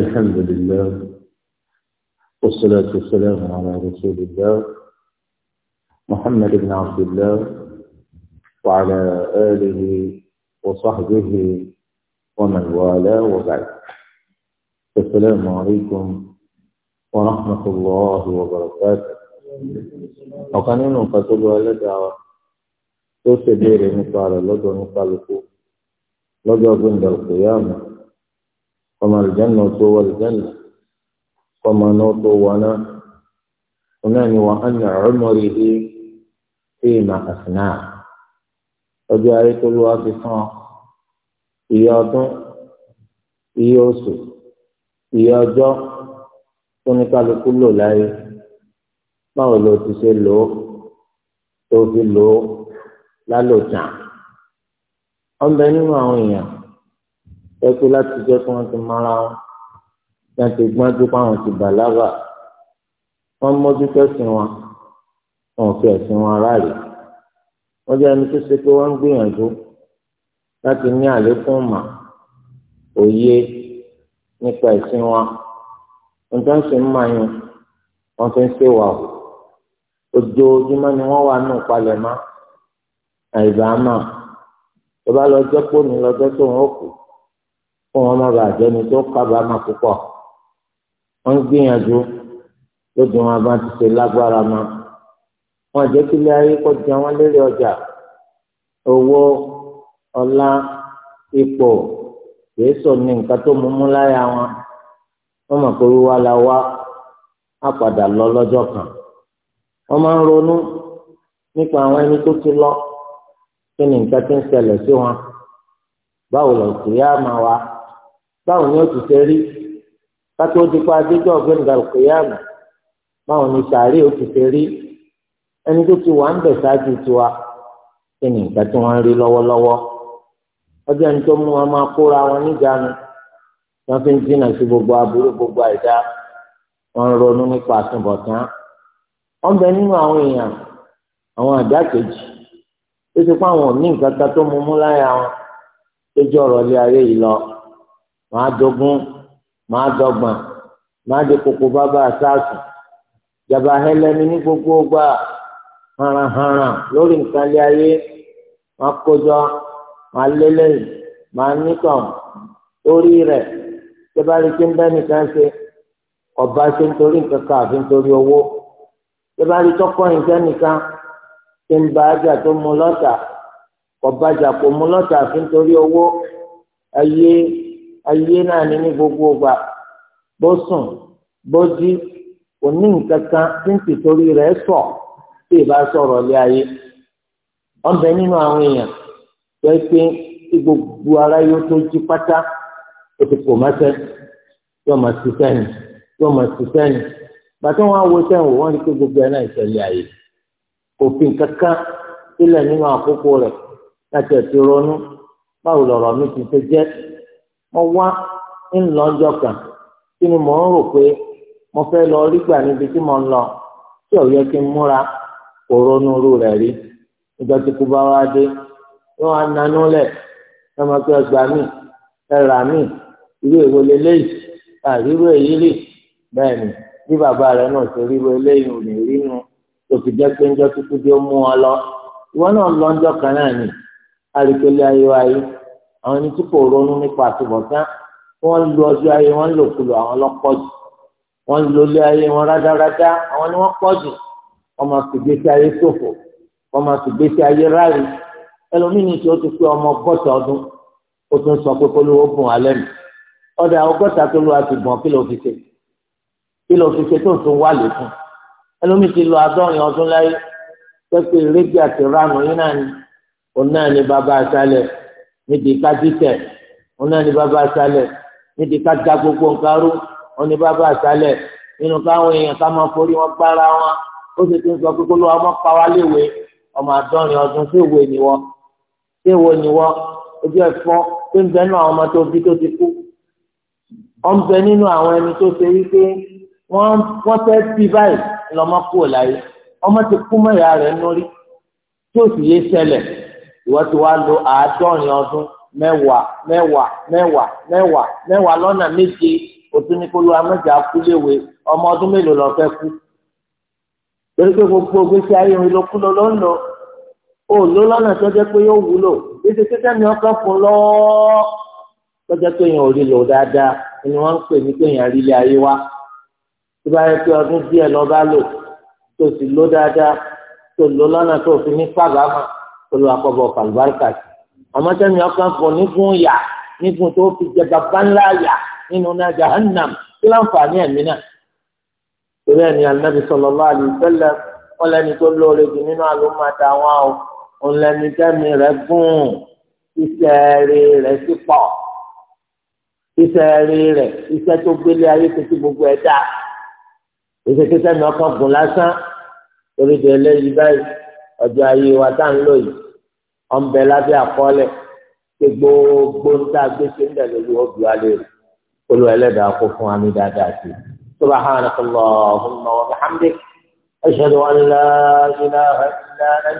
الحمد لله والصلاة والسلام على رسول الله محمد بن عبد الله وعلى آله وصحبه ومن والاه وبعد السلام عليكم ورحمة الله وبركاته وقنين nínú nǹkan tó lọ ẹlẹ́dàá wa tó ṣe béèrè nípa ọmọ àlùjáná tó wọ àlùjáná ọmọ náà tó wọ náà wọn náà ni wọn á nà ọmọrì yìí sí ìmọ̀ àfìnà ọjọ́ ayé tó lọ́wọ́ fi fún ọ iye ọdún iye oṣù iye ọjọ́ tó ní kálukú lò láyé báwo ló ti ṣe lò ó tó fi lò ó lálòjá ọ̀nbẹ nínú àwọn èèyàn ẹkú láti jẹ́ kí wọ́n ti mara wọn yẹn ti gbọ́n tó fáwọn ti bàlágà wọ́n mójú tẹ̀sìn wọn wọn fi ẹ̀sìn wọn ráàlì wọ́n jẹ́ ẹni tó ṣe pé wọ́n ń gbìyànjú láti ní àlékún mà òye nípa ẹ̀sìn wọn nǹkan ṣe ń máa yun fi ń ṣèwà o ojoojúmọ́ ni wọ́n wà nù palẹ̀mọ́ àìbámà tó bá lọ jẹ́ pòní lọ́jọ́ tó ń hàn kó wọn má bàa jẹ́ni tó kábàámà púpọ̀ wọ́n gbìyànjú lójú wọn bá ti ṣe lágbára ma wọn jẹ́ kí ilé ayé kó jẹ wọn lérè ọjà owó ọlá ipò kìí sọ ní nǹkan tó mumú láyà wọn mọ̀ lọ lọ́jọ́ kan máa ń ronú nípa àwọn ẹni ti lọ kí ni nǹkan ti ń ṣẹlẹ̀ wọn báwo lọ sí yá máa wá. báwọn ni ó ti fẹ́ rí kátó di dípa adéjọ́ ọ̀gbẹ́ni gàlùkù yáàmù báwọn ni sàárè ó ti fẹ́ rí ẹni tó ti wà ń bẹ̀ ṣáájú tiwa kí ni nǹkan tí wọ́n ń rí lọ́wọ́lọ́wọ́ ọjọ́ ẹni tó mú wọn máa kóra wọn fi ń gbogbo aburú gbogbo àìdá wọ́n ń ronú nípa àtúbọ̀tán bẹ nínú àwọn èèyàn àwọn àdá kejì ó ti pa àwọn nǹkan tó mú mú láyà wọn lọ. màá dógún màá dọ́gbọ̀n màá di koko bàbá àsáàsù jàbá hẹlẹni ní gbogbo gbà haranharan lórí nǹkan lé ayé màá kójọ màá lélẹyìn màá nìkan lórí rẹ tẹbárí tí ń bẹ nìkan ṣe ọba ṣe ń torí nǹkan kan àfi ń torí owó tẹbárí tọkọ nìkan nìkan ṣe ń ba ajá tó mu lọ́tà ọba àjà kò mu lọ́tà àfi ń torí owó ẹyẹ ayé náà ni ní gbogbo ìgbà bó sùn bó jí kò ní nǹkan kan tí ń tìtorí rẹ̀ sọ tí ì bá sọ̀rọ̀ lé ayé ọbẹ̀ nínú àwọn èèyàn tó ẹ pé tí gbogbo ara yóò tó jí pátá ó ti pò mọ́sẹ́ yóò máa ṣiṣẹ́ ni yóò máa ṣiṣẹ́ ni bàtí wọn á wo sẹ́wọ̀n wọ́n rí pé gbogbo ẹ̀ náà ìṣẹ̀lẹ̀ ayé òfin kankan sílẹ̀ nínú àkókò rẹ̀ láti ẹ̀ ti ronú báwo lọ̀rọ̀ mi ti ṣe jẹ́ mo wá lọ ọjọ́ kan tí mo mọ̀ ń rò pé mo fẹ́ lọ rí gbà níbi tí mo ń lọ tí ò yẹ kí n múra kò ronú irú rí ìjọ tí kú bá ọgbà mi ẹ̀rà mi irú èwo leléyìí èyí bẹ́ẹ̀ ni bí bàbá náà ṣe eléyìí ò ní rí nu fi jẹ́ pé títí àwọn ẹni tí kò ronú nípa àtúbọ̀tán wọ́n lu ọjọ́ ayé wọn lòkulò àwọn lọ́pọ̀ jù wọ́n lu ilé ayé wọn rádáradá àwọn ni wọ́n pọ̀ jù wọ́n máa fi gbèsè ayé ṣòfò wọ́n máa fi gbèsè ayé ráàlì ẹlòmíní tí ó ti pé ọmọ ọgọ́ta ọdún ó tún sọ pé kólówó gùn alẹ́ mi ọ̀dà ọgọ́ta tó lu àtìgbọ̀n kí ló fi ṣe kí ló fi ṣe tó ń tún wà lẹ́kùn ẹlòmíní ti lu àádọ́rin ọdún láyé pẹ́pẹ́ rédíò àti ránù yín náà ni òun náà ni bàbá àṣálẹ̀ níbi ká dìtẹ̀ wọn náà ní bàbá aṣálẹ̀ níbi ká da gbogbo nǹkan rú wọn ní bàbá aṣálẹ̀ nínú káwọn èèyàn ká máa forí wọn gbára wọn ó sì ti ń sọ pé kó ló wà mọ́ pa wá léwe ọmọ àádọ́rin ọdún sí ìwé ni wọ́n sí ìwé ni wọ́n ojú ẹ̀fọ́ tó ń bẹ nínú àwọn ọmọ tó bí tó ti kú ó ń bẹ nínú àwọn ẹni tó ṣe wípé wọ́n fẹ́ bí báyìí lọ́mọ kúrò láyé ọmọ ti kú mọ́ ìyá rẹ̀ lórí tí ó sì yé ṣẹlẹ̀ ìwọ ti wá lo àádọ́rin ọdún mẹ́wàá mẹ́wàá mẹ́wàá mẹ́wàá mẹ́wàá lọ́nà méje òtún ní kólú amẹ́jà kúléwe ọmọ ọdún mélòó lọ fẹ́ kú torí pé gbogbo gbèsè ayé òun ló kú lọ ló ń lọ ó ló lọ́nà tó jẹ́ pé yóò wúlò ètò títẹ́ ni wọ́n kàn fún lọ́wọ́ tó jẹ́ pé èèyàn ò rí lò dáadáa ni wọ́n ń pè ní pé èèyàn rí ilé ayé wá tó bá yẹ pé ọdún díẹ̀ lọ bá lò tó sì lò dáadáa tó lò lọ́nà tó fi ní pàgbámọ̀ olùwàkọ̀bọ̀ fàlùbáríkà sí ọmọtẹ́mi ọkàn fọ nígun yà nígun tó fi jẹ bàbá ńlá yà nínú náà jahannam kí láǹfààní ẹ̀mí náà torí ẹni anabi sallallahu alaihi wasallam ọlẹni tó lóore jù nínú àlùmọta wọn o ọlẹni tẹmí rẹ gùn ìṣẹẹrí rẹ sí pọ ìṣẹẹrí rẹ iṣẹ́ tó gbélé ayé títí gbogbo ẹ dá ìṣèkítẹmí ọkàn gùn lásán torí de eléyìí báyìí ọjọ́ ayé wa tá ń lò yìí. ọ̀nbẹ lábẹ́ àkọọ́lẹ̀ pé gbogbo ń tá a gbé ṣe ń dẹ̀ lórí òbí wa léèrè olú ẹlẹ́dàá kó fún wa ní dáadáa sí i hàn án subhanaka allahumma wa bihamdik ashhadu an la ilaha illa anta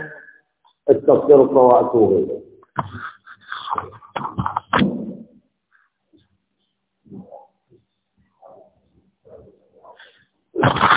astaghfiruka wa atubu ilayk. Thank you.